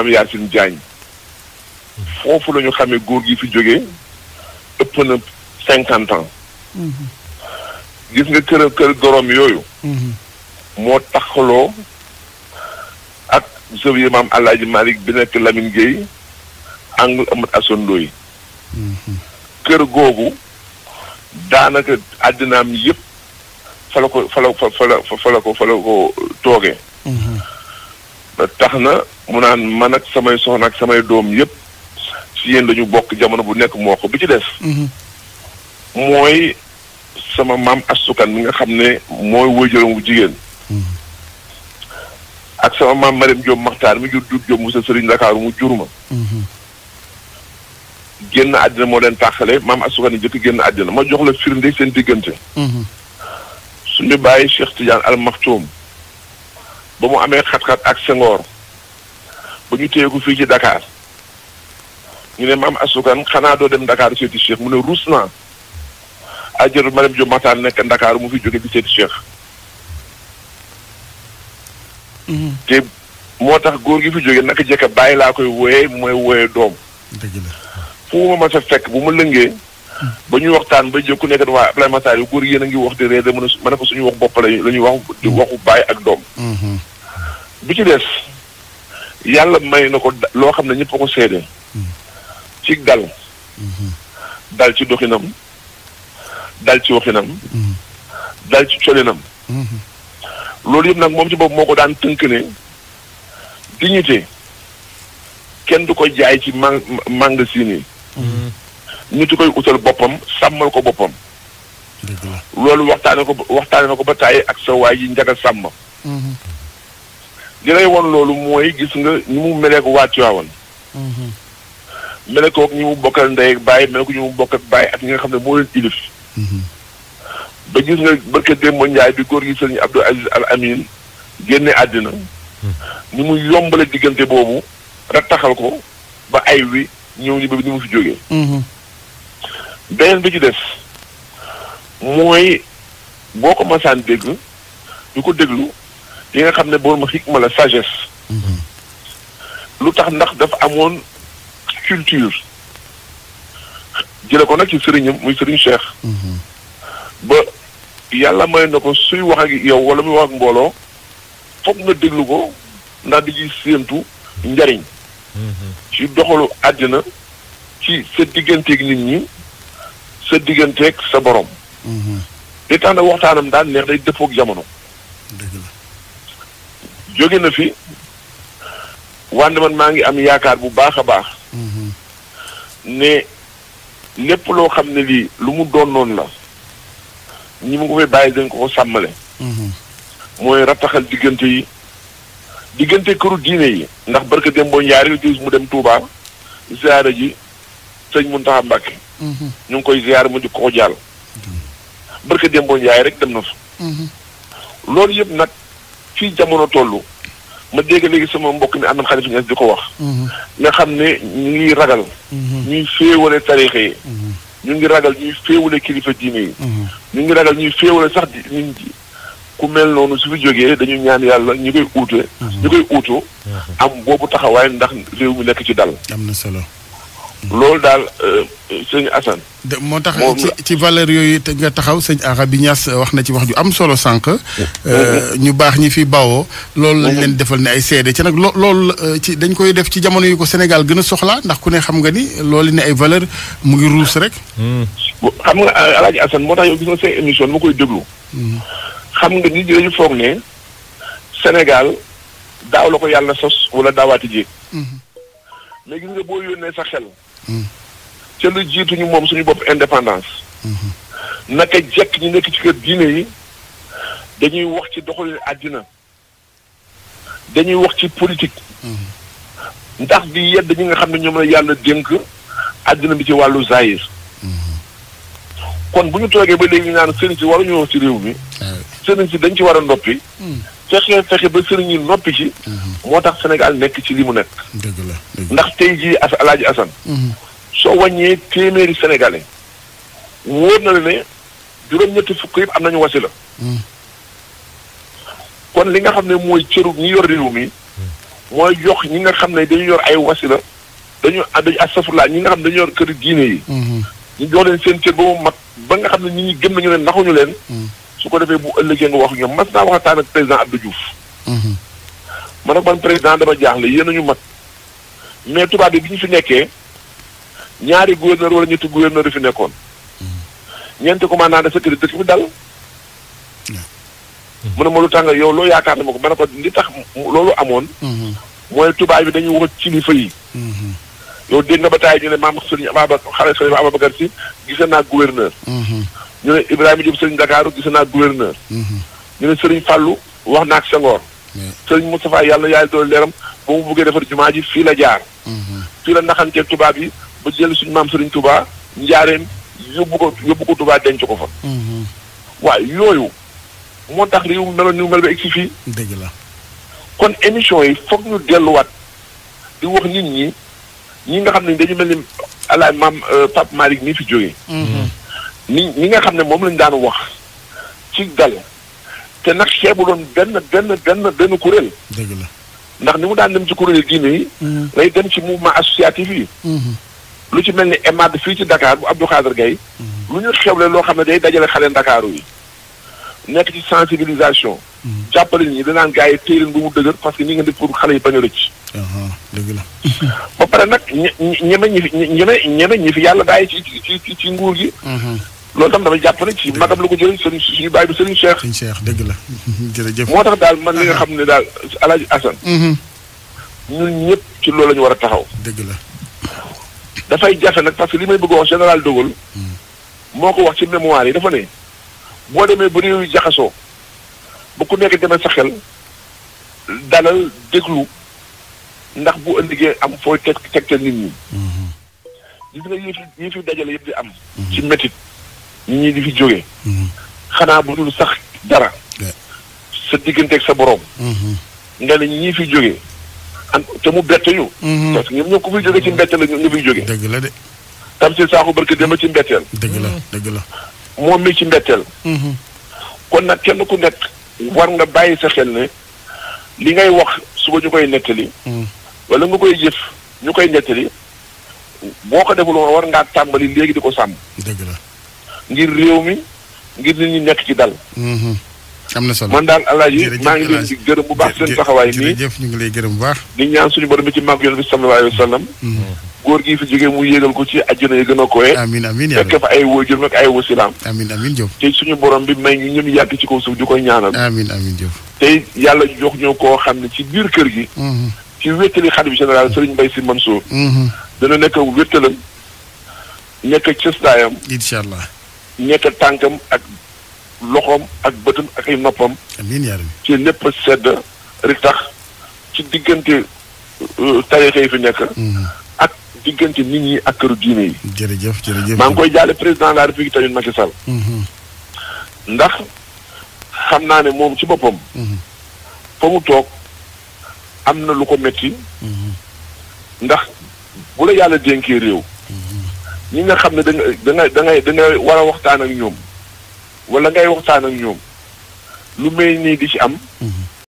imam Yacine Diagne foofu la ñu xamee góor gi fi jógee ëpp na cinquante ans gis nga kër gorom yooyu moo taxaloo ak zawiya maam Alaaji Malick bi nekk Lamine Gueye angle amat yi kër googu daanaka àddinaam yëpp fa la ko fa la fa la ko toogee tax na mu naan man ak samay soxna ak samay doom yépp ci yéen dañu bokk jamono bu nekk moo ko bi ci def mhm. mooy sama maam astukan mi nga xam ne mooy wëjëram bu jigéen mhm. ak sama maam Marème Diop Maxtaar mi jur Diop Diop Moussa Serigne Dakar mu jur ma mhm. génn àddina moo leen tàqale maam astukan yi jëkk génn àddina ma jox la firnde seen diggante suñu bàyyi Cheikh Tidiane Al Maktoum ba mu amee xat-xat ak Senghor ba ñu téye ko fii ci Dakar ñu ne am asukan xanaa doo dem ndakaaru seeti Cheikh mu ne ruus naa ajër ma dem jo mataan nekk Dakar mu fi jóge bi seeti Cheikh mm-hmm. te moo tax góor gi fi jóge naka jekka bàyyi laa koy wooyee mooy wooyee doom fu ma ma sa fekk bu ma lëngee ba ñuy waxtaan ba jóg ku nekk waa Ablaye Matar yi góor yéen a ngi wax di ree de mën a ko suñu wax bopp la ñuy wax di waxu bàyyi ak doom mm-hmm. bi ci des yàlla may na ko loo xam ne ñëpp a ko seede ci dal dal ci doxinam dal ci waxinam dal ci colinam loolu yëpp nag moom ci bopp moo ko daan tënk ne dignité kenn du koy jaay ci man magasin yi ñu ti koy utal boppam sàmmal ko boppam loolu waxtaane ko waxtaane na ko ba tàyyi ak sa waay yi njaga sàmm li lay won loolu mooy gis nga ñi mu meleek waa Tiwaawan mhm. meleekoo ak ñi mu bokkal ndey bàyyi baay meleeku ñi mu bokk ak ak ñi nga xam ne moo leen ilif mhm. ba gis nga barke Demba Njaay bi góor gi sëriñ Abdou Aziz Al Amin génne àddina mhm. ni mu yombale diggante boobu rattaxal ko ba ay wi ñëw ni ba ni mu fi jógee beneen bi ci def mooy boo ko masaan dégg ñu ko déglu li nga xam ne borom xikma la sagesse. Mhm. lu tax ndax dafa amoon culture. jële ko nag ci sëriñam muy sëriñ Cheikh. Mhm. ba yàlla may na ko suy wax ak yow wala muy wax ak mbooloo foog nga déglu ko ndax di ci séentu njariñ. Mhm. ci doxalu àddina ci sa digganteeg nit ñi sa digganteeg sa borom. li tax na waxtaanam daan neex day dëppook jamono. dëgg jóge na fi wante man maa ngi am yaakaar bu baax a baax. ne lépp loo xam ne lii lu mu doon noonu la ñi mu ko fay bàyyi dañ ko ko sàmmale. mooy rattaxal diggante yi diggante këru diine yi. ndax barke dem boo ñaari gis mu dem Touba ziyaara ji sëñ Mountakha Mbacké. ñu ngi koy ziyaar mu di ko ko jàll. barke dem boo rek dem na fa. Mhm. loolu yëpp nag. fii jamono toll ma dégg léegi sama mbokk mi Ahmed Khalifa Niass di ko wax. Mhm. nga xam ne ñu ngi ragal. Mhm. ñuy féewale tariix yi. Mhm. ñu ngi ragal ñuy féewale kilifa diine yi. ñu ngi ragal ñuy féewale sax di nit ñi ku mel noonu su fi jógee dañu ñaan yàlla ñu koy uute. ñu koy uutu am boobu taxawaay ndax réew mi nekk ci dal. am na solo. loolu daal euh, sëñ Assane. moo tax ci ci valeur yooyu nga taxaw sëñ Arabi Niass euh, wax na ci wax ju am solo sànq. Mm. Euh, ñu baax ñi fi bawoo. loolu lañ mm-hmm. leen defal ne ay seede ci nag loo loolu ci dañ koy def ci jamono yi ko Sénégal gën a soxla ndax ku ne xam nga ni loolu ne ay valeur mu ngi ruus rek. Mm. xam nga El Hadj Assane moo tax émission ma koy déglu. Mm. nga nit dañu foog ne Sénégal daaw la ko yàlla sos wala daawaati jéeg. mais mm-hmm. gis nga boo yónnee sa xel. ca lu jiituñu moom suñu bopp indépendance. naka jekk ñu nekk ci kër diine yi dañuy wax ci doxalin àddina dañuy wax ci politique. ndax di yedd ñi nga xam ne ñoom la yàlla dénk àddina bi ci wàllu zaayir. kon bu ñu toogee ba léegi ñu naan sëriñ si waruñu wax ci réew mi. sëriñ si dañ ci war a ndoppi. Hmm. fexe fexe ba sëriñ yi noppi ci. Mhm. moo tax senegal nekk ci li mu nekk. dëgg la ndax tey jii as Alaaji Assane. Mhm. soo wàññee téeméeri sénégalais wóor na la ne juróom-ñetti fukk yëpp am nañu wasila. Mhm. kon li nga xam ne mooy cëru ñi yor réew mi mooy jox ñi nga xam ne dañu yor ay wasila dañu dañu astafurlaa ñi nga xam ne dañu yor kër diine yi. ñu jox leen seen cër ba mag ba nga xam ne ñi gëm nañu leen ndaxuñu leen. su ko defee bu ëllëgee nga wax ñoom mas naa waxtaan ak président Abdou Diouf. Mhm. man ak man président dama jaaxle yéen a ñu mag. mais tubaab bi bi ñu fi nekkee ñaari gouverneur wala ñetti gouverneur yu fi nekkoon. Mhm. ñeenti commandant de sécurité dëkk bi dal. Mhm. mu ne ma lu tàng yow loo yaakaar ne ma ko ma ne ko li tax loolu amoon. mooy tubaab bi dañuy wax kilifa yi. yow dégg nga ba taay ñu ne maam Sëriñ Ababacar xale Sëriñ Ababacar Si gis naa gouverneur. ñu ne Ibrahima Diop sëriñ Ndakaaru gis naa gouverneur. ñu ne sëriñ Fallou wax na ak Senghor. sëriñ Moustapha yàlla yaay dool leeram ba mu buggee defar jumaa ji fii la jaar. Mhm. fii la naxanteeg tubaab yi ba jël suñ maam sëriñ Touba njaareem yóbbu ko yóbbu ko tubaa denc ko fa. Mhm. waaye yooyu moo tax réew mi meloon ni mu mel ba egg si fii. dëgg la kon émission yi foog ñu delluwaat di wax nit ñi ñi nga xam ne dañu mel ni alaay maam euh, Pape Malick nii fi jógee. Mhm. ni ñi nga xam ne moom lañu daan wax ci dal te nag xeebu doon benn benn benn benn kurél dëgg ndax ni mu daan dem ci kuréel diine yi. Mm. lay dem ci mouvement associatif yi. Mm-hmm. lu ci mel ni EMAD fii ci Dakar bu Abdou Khader Gaye mm-hmm. lu ñu xewle loo xam ne day dajale xale Ndakaaru yi. nekk ci sensibilisation. Mm-hmm. jàppale nit ñi danaan gars yi téye leen bu mu dëgër parce que ñi ngeen di pour xale yi bañ a rëcc. dëgg pare nag ñeme ñi fi ñeme ñeme ñi fi yàlla daay ci ci ci nguur loolu tam dafay jàpp ci magam la ko jëlee sëriñ suñu bàyyi bi sëriñ Cheikh. la jërëjëf. moo tax daal man li nga xam ne daal El Hadj Assane. Mhm. ñun ñëpp ci loolu la war a taxaw. dëgg la. dafay jafe nag parce que li may bëggoo wax général de mhm. moo ko wax ci mémoire yi dafa ne boo demee ba réew jaxasoo ba ku nekk demee sa xel dalal déglu ndax bu ëndigee am fooy teg tegtal nit ñi. Mhm. gis nga fi yi fi dajale yëpp di am. ci métit. ñu ñi di fi jógee. Mm-hmm. xanaa bu dul sax dara. sa digganteeg sa borom. Mm-hmm. nga ne ñi fi jóge am te mu bett ñu. Mm-hmm. parce que ñoom ñoo ko fiy jógee ci mbett la ñu ñu fiy jógee. dëgg la de. Tamsir Sakho barke dem ci mbetteel. dëgg la dëgg la. moom mi ci mbetteel. kon nag kenn ku nekk war nga bàyyi sa xel ne li ngay wax suba ñu koy nettali. wala nga koy jëf ñu koy nettali boo ko deful woon war ngaa tàmbali léegi di ko sàmm. dëgg la. ngir réew mi ngir nit ñi nekk ci dal. Mhm. am na solo man daal alaaji maa ngi leen di gërëm bu baax seen taxawaay nii jërëjëf ñu ngi lay gërëm bu baax. di ñaan suñu borom bi ci màgg yoon bi sallallahu alayhi wa sallam. Mhm. góor gi fi mu yéegal ko ci àjjana yi gën a koye. amiin amiin yàlla fekk fa ay wóor jëm ak ay te suñu borom bi may ñu ñun yàgg ci ko suuf di koy ñaanal. amiin amiin Diop. tey yàlla jox ñoo koo xam ne ci biir kër gi. Mhm. ci wéttali xalifa général Serigne Mbaye Sy Mansour. dana nekk wéttalam nekk cëstaayam. incha allah ñekk tànkam ak loxoom ak bëtam ak ay noppam ci lépp sedd rek ci diggante euh, tarixa yi fi nekk mm-hmm. ak diggante nit ñi ak këru diine yi jërëjëf jërëjëf maa ngi koy jaale président de la république tamit Macky mm-hmm. ndax xam naa ne moom ci boppam mm-hmm. fa mu toog am na lu ko metti ndax bu la yàlla dénkee réew ñi nga xam ne da nga da ngay war a waxtaan ak ñoom wala ngay waxtaan ak ñoom lu mel nii di ci am. Mhm.